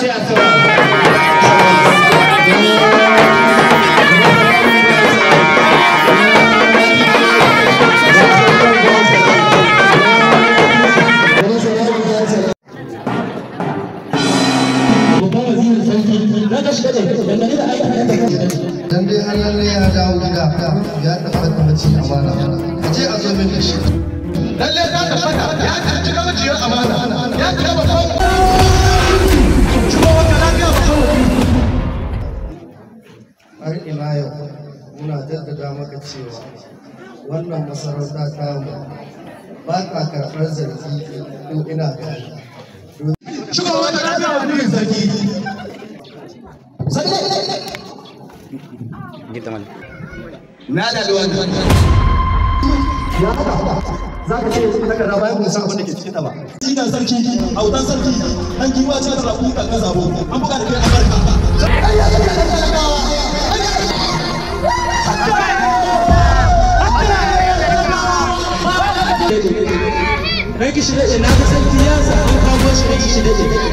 شيء dan dai an lalle ya dawo gida ya tabbata mace amana a je a zo min da shi lalle ta tabbata ya har ila yau muna jaddada maka cewa wannan masarauta ta mu ba ka karɓar zargi ko ina Shiga Shugaban da ta wani zargi. Na da da wani. Ya haka za ka ce yanzu takarda bayan kun san da ke cikin ta ba. Ina sarki, autan sarki, an kiwa ce ta zaɓu kan zabo, an buga da kai Amurka. daɗe ranki shi daɗe na ga sarki ya sa an kawo shi ranki shi